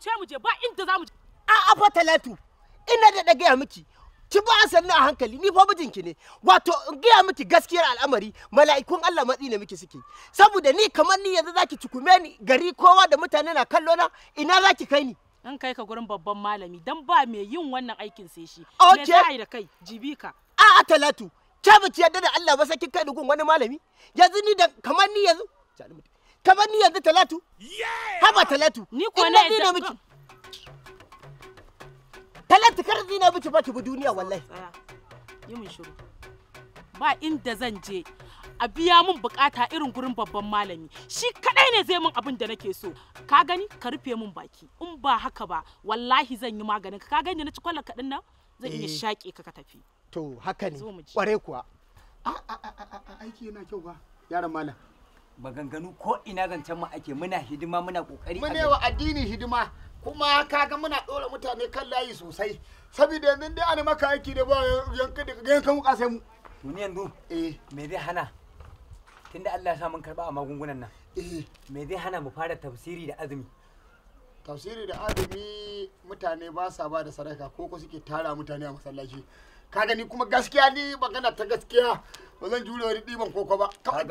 wuce mu je ba inda za mu je a'a fa talatu ina da gaya miki ki ba sannu a hankali ni fa mijinki ne wato in gaya miki gaskiyar al'amari mala'ikun Allah matsi ne miki suke saboda ni kamar ni yanzu zaki cukume ni gari kowa da mutane na kallo na ina zaki kai ni an kai ka gurin babban malami dan ba mai yin wannan aikin sai shi me za a yi da kai jibika a a talatu ke biki yadda da Allah ba sai kin kai dugun gun wani malami yanzu ni da kamar ni yanzu ka bar ni yanzu talatu haba talatu ni ko na zina miki talatu kar zina miki ba ki duniya wallahi yi mun shiru ba inda zan je a biya mun bukata irin gurin babban malami shi kadai ne zai mun abin da nake so ka gani ka rufe mun baki in ba haka ba wallahi zan yi maganin ka gani na ci kwallon kadin nan zan iya eh. shaƙe ka ka tafi to haka ne kware kuwa aiki yana kyau ba yaran malam maganganu ko ina zancen mu ake muna hidima muna kokari mune wa addini hidima kuma kaga muna dora mutane kan layi sosai saboda yanzu dai an maka aiki da ba yanka da yanka mu kasai mu to ni yanzu eh me zai hana tunda Allah ya sa mun karba a magungunan nan eh me zai hana mu fara tafsiri da azumi tafsiri da azumi mutane ba sa ba da sadaka ko ko suke tara mutane a masallaci ka gani kuma gaskiya ni magana ta gaskiya ba zan jure wani ɗiban koko ba kamar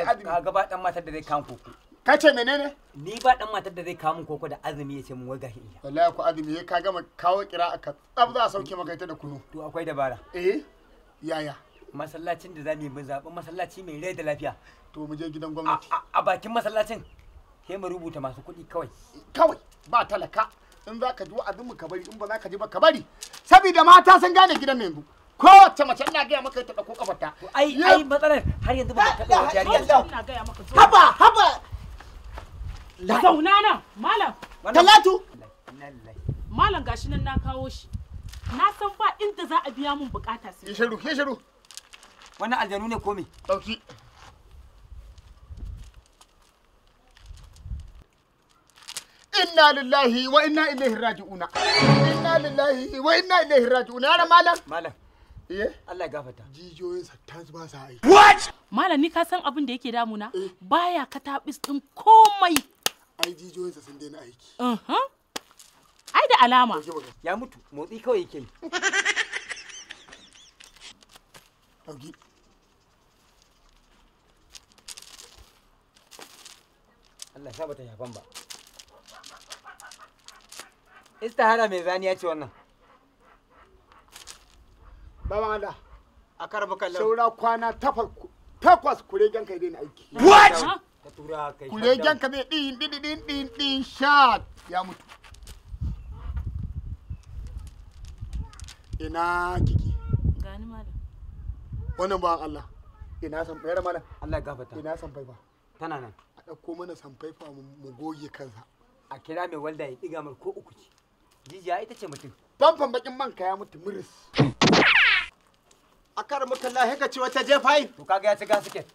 ga ba dan matar da zai kawo koko ka ce menene ni ba dan matar da zai kawo koko da azumi ya ce mun waga hin iya wallahi ku azumi ya ka gama kawo kira aka tsaf za a sauke maka ita da kunu to akwai dabara eh yaya masallacin da zamu yi mun zaɓi masallaci mai rai da lafiya to mu je gidan gwamnati a bakin masallacin sai mu rubuta masu kuɗi kawai kawai ba talaka in za ka ji wa'azin mu ka bari in ba za ka ji ba ka bari saboda mata sun gane gidan yanzu kowace mace ina gaya maka ta ɗauko kafarta. Ai ai matsalar har yanzu ba ta taɓa jariyar ta. Ina gaya maka zo. Haba haba. Zauna nan malam. Talatu. Malam gashi nan na kawo shi. Na san ba inda za a biya min bukata sai. Shiru ke shiru. Wannan aljanu ne ko me? Dauki. inna lillahi wa inna ilaihi raji'una inna lillahi wa inna ilaihi raji'una malam malam Eh? Allah ya gafarta jijiyoyin sa ba sa aiki what malami ka san abin da yake damuna eh. baya katabis din komai ai jijiyoyin sa sun daina aiki ai da alama ya mutu motsi kawai yake yi Allah sa bata yafan ba istihara mai zani ya ce wannan bawan Allah a karba kallon saura kwana takwas kuregen kai daina aiki what kuregen ka mai din din din din din shat ya mutu ina kiki gani malam wannan bawan Allah ina san bayar malam Allah ya gafarta ina san tana nan a dauko mana san mu goge kansa a kira mai walda ya diga mar ko uku ce jijiya ita ce mutum famfan bakin man ka ya mutu muris a kar mutalla haka ci wata jefai to kaga ya ci gasiket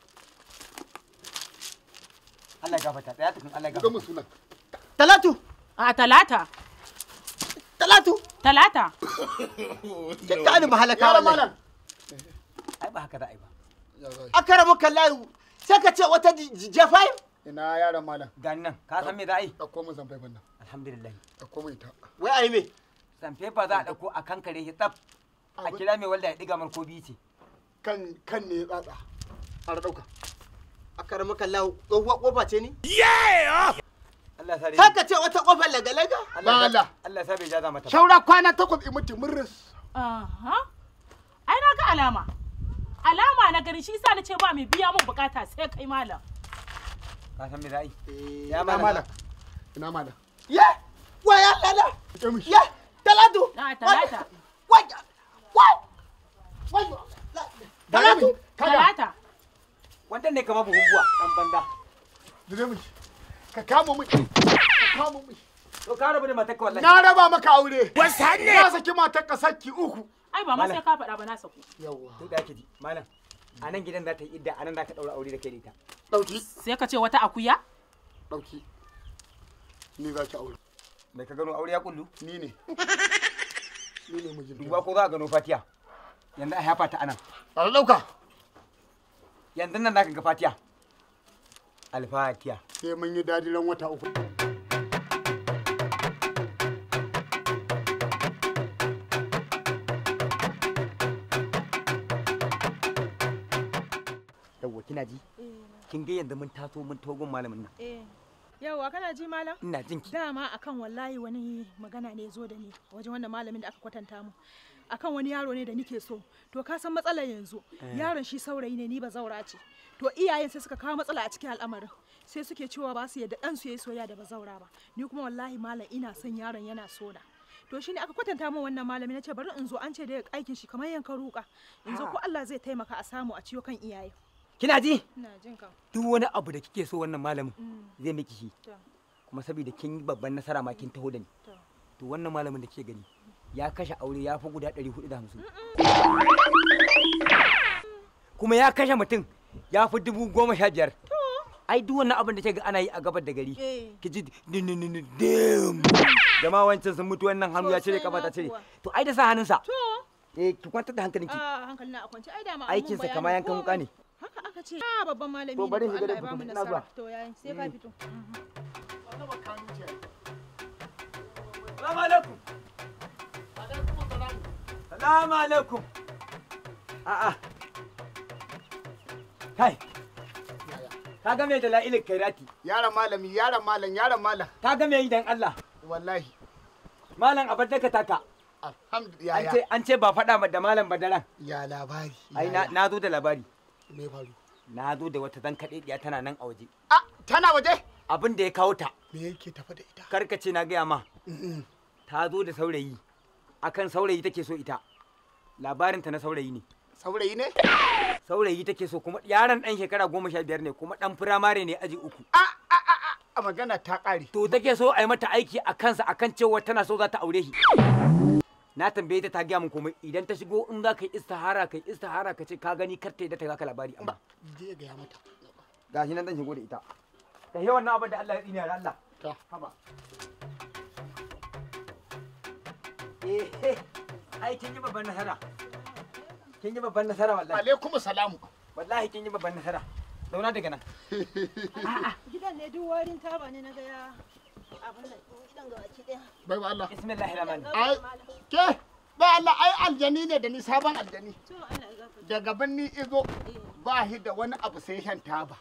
Allah ya gafarta tsaya tukun Allah ya gafarta talatu a talata talatu talata ke da ni mahalaka malam ai ba haka da ai ba akara muka layu sai ka ce wata jefai ina yaran malam gani nan ka san me za a yi dauko mun zamfai nan alhamdulillah dauko mu ita wai ai me zamfai ba za a dauko a kankare shi tsaf a kira mai walda ya diga marko biti kan kan ne tsatsa a dauka a karamar kallahu tsohuwa kofa ce ni yeah Allah sare haka ce wata kofar laga Allah mata kwana takwas in na ga alama alama na gari shi na ce ba mai biya mun bukata sai ka san me za'i eh, ya malam ina talatu na talatu talata ne kamar buhun buwa banda dire ka kama ka kama to ka raba da wallahi na raba maka aure wasan ne na saki matarka saki uku ai ba ma sai ka faɗa ba na saku da kiji malam a nan gidan za ta yi idda a nan za ka ɗaura aure da kai da ita sai ka ce wata akuya dauki ni za ki aure mai ka gano aure ya kullu ni ne ni ne mijin duba ko za a gano fatiha. yanzu a yafa ta anan a dauka yanzu nan naka ga fatiya alfatiya sai mun yi dadilan wata uku yawwa kina ji eh. kin ga yanzu mun taso mun togon malamin nan eh. yauwa kana ji malam ina jinki. dama akan wallahi wani magana ne zo da ni wajen wannan malamin da aka kwatanta mu akan wani yaro ne da nike so to ka san matsalar yanzu eh. yaron shi saurayi ne ni ba zaura ce to iyayen sai suka kawo matsala a cikin al'amarin sai suke cewa ba su yadda dan su yayi soyayya da ba zaura ba ni kuma wallahi malam ina son yaron yana so na to shine aka kwatanta min wannan malami nace bari in zo an ce da aikin shi kamar yanka ruka in zo ah. ko Allah zai taimaka a samu a ciyo kan iyaye kina ji ina jin ka duk wani abu da kike so wannan malamin mm. zai miki shi kuma saboda kin yi babban nasara ma kin taho da ni to wannan malamin da kike gani ya kashe aure ya fi guda 450 kuma ya kashe mutum ya fi dubu goma sha biyar ai duk wannan abin da ke ga ana yi a gabar da gari eh. ki ji dindindindim jama wancan sun mutu wannan hannu ya cire kafa ta cire to ai da sa hannun sa eh ki kwantar da hankalin ki hankalina a kwance ai da ma aikinsa kamar yankan wuka ne haka aka ce a babban malami to bari ga da fito na zuwa to yayin sai ka fito assalamu alaikum Assalamu alaikum. A'a. Kai. Ka ga me lailin kairati? yaran malami, yaran malam, yaran malam. Ka ga me idan Allah? Wallahi. Malam abar da ka taka. Alhamdulillah. An ce ba faɗa da malam badaran. Ya labari. Ai na zo da labari. Me faru? Na zo da wata zan kaɗe tana nan a waje. Ah, tana waje? Abin da ya kawo ta. Me yake tafa da ita? Karkace na gaya ma. Ta zo da saurayi. Akan saurayi take so ita. labarinta na saurayi ne saurayi ne saurayi take so kuma yaron dan shekara goma sha biyar ne kuma dan firamare ne aji uku a a a a magana ta ƙare to take so a yi mata aiki a kansa akan cewa tana so za ta aure shi na tambaye ta ta gaya min komai idan ta shigo in za ka yi istihara ka yi istihara ka ce ka gani kar ta yi ta ka labari amma je ga ya mata gashi nan dan shigo da ita ta yi wannan abin da Allah ya tsini da Allah ta haba eh, eh. ai kin yi babban nasara kin yi babban nasara wallahi alaikum salamu wallahi kin yi babban nasara zauna daga nan gidan ne duk warin taba ne na ga ya abin nan gidan ga baki daya bai ba Allah bismillahir rahmanir ai ke ba Allah ai aljani ne da ni sabon aljani daga ni izo eh. ba shi da wani abu sai shan taba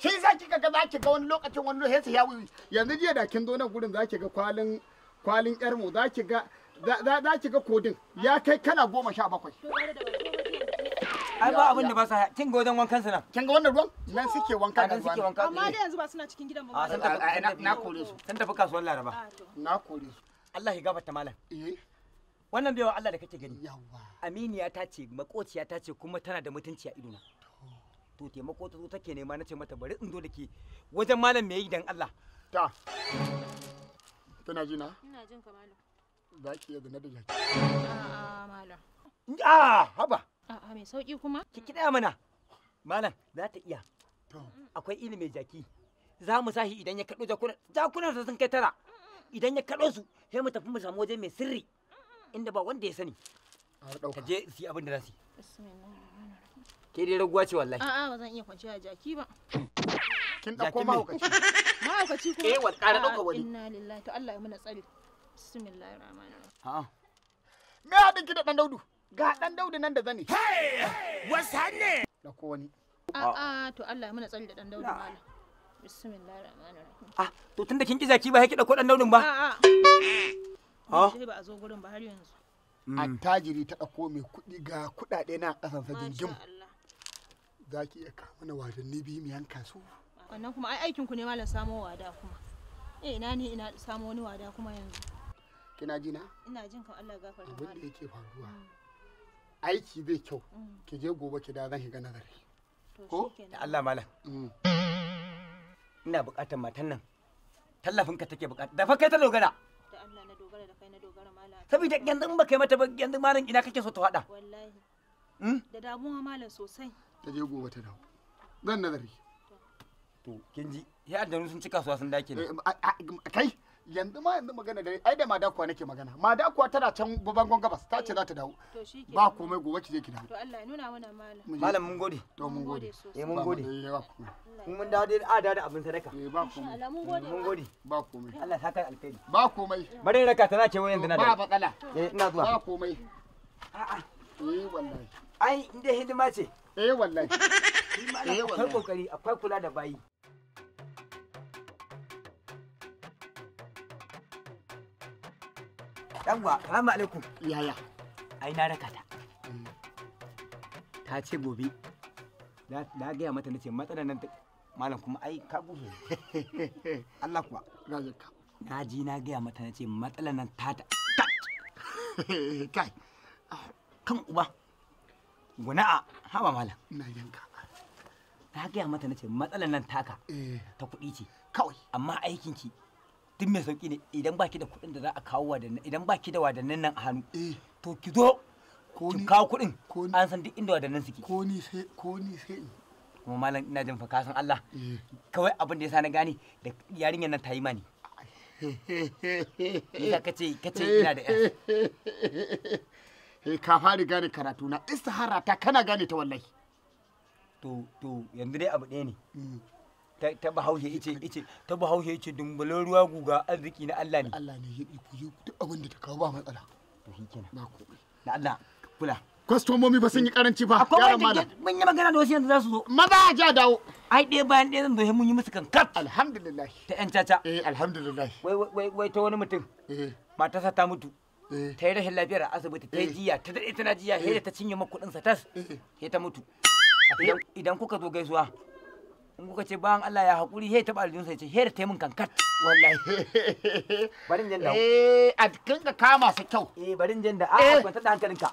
shi yasa kika ga zaki ga wani lokacin wani lokacin ya yanzu jiya da kin zo nan gurin zaki ga kwalin kwalin yar mu zaki ga za ki ga kodin ya kai kana goma sha bakwai. Ai ba abin da ba sa kin ga wajen wankan su nan. Kin ga wannan ruwan? Nan suke wanka da ruwan. Amma da yanzu ba suna cikin gidan ba. Ah, sun tafi na kore su. Sun tafi kasuwar Laraba. Ah, na kore su. Allah ya gafarta malam. Eh. Wannan baiwa Allah da kake gani. Yawwa. Aminiya ta ce, makociya ta ce kuma tana da mutunci a idona. To taimako ta zo take nema na ce mata bari in zo da ke wajen malam me yi dan Allah. Ta. Tana jina? Ina jin ka malam. za ki iya zina da jaki. A'a malam. A haba. A'a mai sauki kuma. Ki kiɗa mana. Malam za ta iya. Akwai ilimin jaki. Za mu sahi idan ya kaɗo jakunan. Jakunan sun kai tara. Idan ya kaɗo su sai mu tafi mu samu waje mai sirri. Inda ba wanda ya sani. Ka je su yi abin da za su yi. Ke dai raguwa ce wallahi. A'a ba zan iya kwanciya jaki ba. Kin ɗauko mahaukaci. Mahaukaci kuma. Eh wa ƙara ɗauka wani. Inna lillahi to Allah ya muna tsari. Bismillahirrahmanirrahim. Ha. Me haɗin ki da ɗan daudu? Ga ɗan daudu nan da zani. Hey! Wasu hanne? Da ko wani. A'a to Allah muna tsari da ɗan daudu malam. Bismillahirrahmanirrahim. Ah, to tunda kin ki zaki ba ya ki ɗauko ɗan daudun ba? A'a. Ha? Ah. Sai ba a zo gurin ba har yanzu. Hmm. Attajiri ta ɗauko mai kuɗi ga kuɗaɗe na ƙasan sa gingim. Za ki iya kama na wadanni biyu mu yanka su. Wannan kuma ai aikinku ne malam samo wada kuma. Eh ina ne ina samo wani wada kuma yanzu. kina ji na ina jin kan Allah gafarta abin da yake faruwa mm. aiki bai kyau mm. ki je gobe ki da zan shiga nazari ko da Allah malam mm. ina bukatar matan nan tallafin ka take bukata da fa kai ta dogara da Allah na dogara da kai na dogara malam saboda yanzu in ba kai mata ba yanzu malam ina kake so ta hada wallahi da damuwa malam sosai ta je gobe ta dawo zan nazari to kin ji ya addanu sun cika kasuwa sun dake ne eh, kai yanzu ma yanzu magana da ai da madakuwa nake magana madakuwa tana can bangon gabas ta ce za ta dawo ba komai gobe ki je ki dawo to Allah ya nuna mana malam malam mun gode to mun gode eh mun gode mun mun dawo dai ada da abin sadaka eh ba komai mun gode mun gode ba komai Allah ta kai alkhairi ba komai bari raka tana ce wani yanzu na da ba matsala eh ina zuwa ba komai a a eh wallahi ai inda hidima ce eh wallahi eh wallahi akwai kokari akwai kula da bayi Yawwa, salamu alaikum. Yaya. Ai na raka ta. Mm. Ta ce gobe. Na gaya mata nace matsala nan malam kuma ai ka bushe. Allah kuwa. Razaka. Na ji na gaya mata nace matsala nan ta ta. Kai. Ah, kan uba. Guna'a, haba malam. Na yanka. Na gaya mata nace matsala nan taka. Eh. Ta kuɗi ce. Kawai. Amma aikin ki duk mai sauki ne idan baki da kuɗin da za a kawo wadannan idan ki da wadannan nan a hannu eh. to ki zo ki kawo kuɗin an san duk inda wadannan suke ko ni sai ko ni sai kuma malam ina jin fa kasan Allah eh. kawai abin da yasa na gane da yarinyar nan ta yi mani Ita kace kace ina da eh ka fara gane karatu na istihara ta kana gane ta wallahi to to yanzu dai abu ɗaya ne mm. ta bahaushe ice ice ta bahaushe ice dumbulan ruwa guga arziki na Allah ne Allah ne ya iko yi duk abin da ta kawo ba matsala to shikenan na ku na Allah kula kwastomomi ba sun yi karanci ba yaran mala mun yi magana da wasu yanzu za su zo maza ja dawo ai ɗaya bayan ɗaya zan zo mun yi musu kankat alhamdulillah ta yan caca eh alhamdulillah wai wai wai ta wani mutum eh matarsa ta mutu eh. ta yi rashin lafiyar asibiti ta yi eh. jiya ta daɗe tana jiya sai eh. ta cinye sa tas sai ta mutu idan kuka zo gaisuwa in kuka ce bayan Allah ya haƙuri ya taɓa aljinsa ya ce he da taimun kankat wallahi barin janda eh a kinka kama su kyau eh in janda ah, eh. a kwanta da hankalinka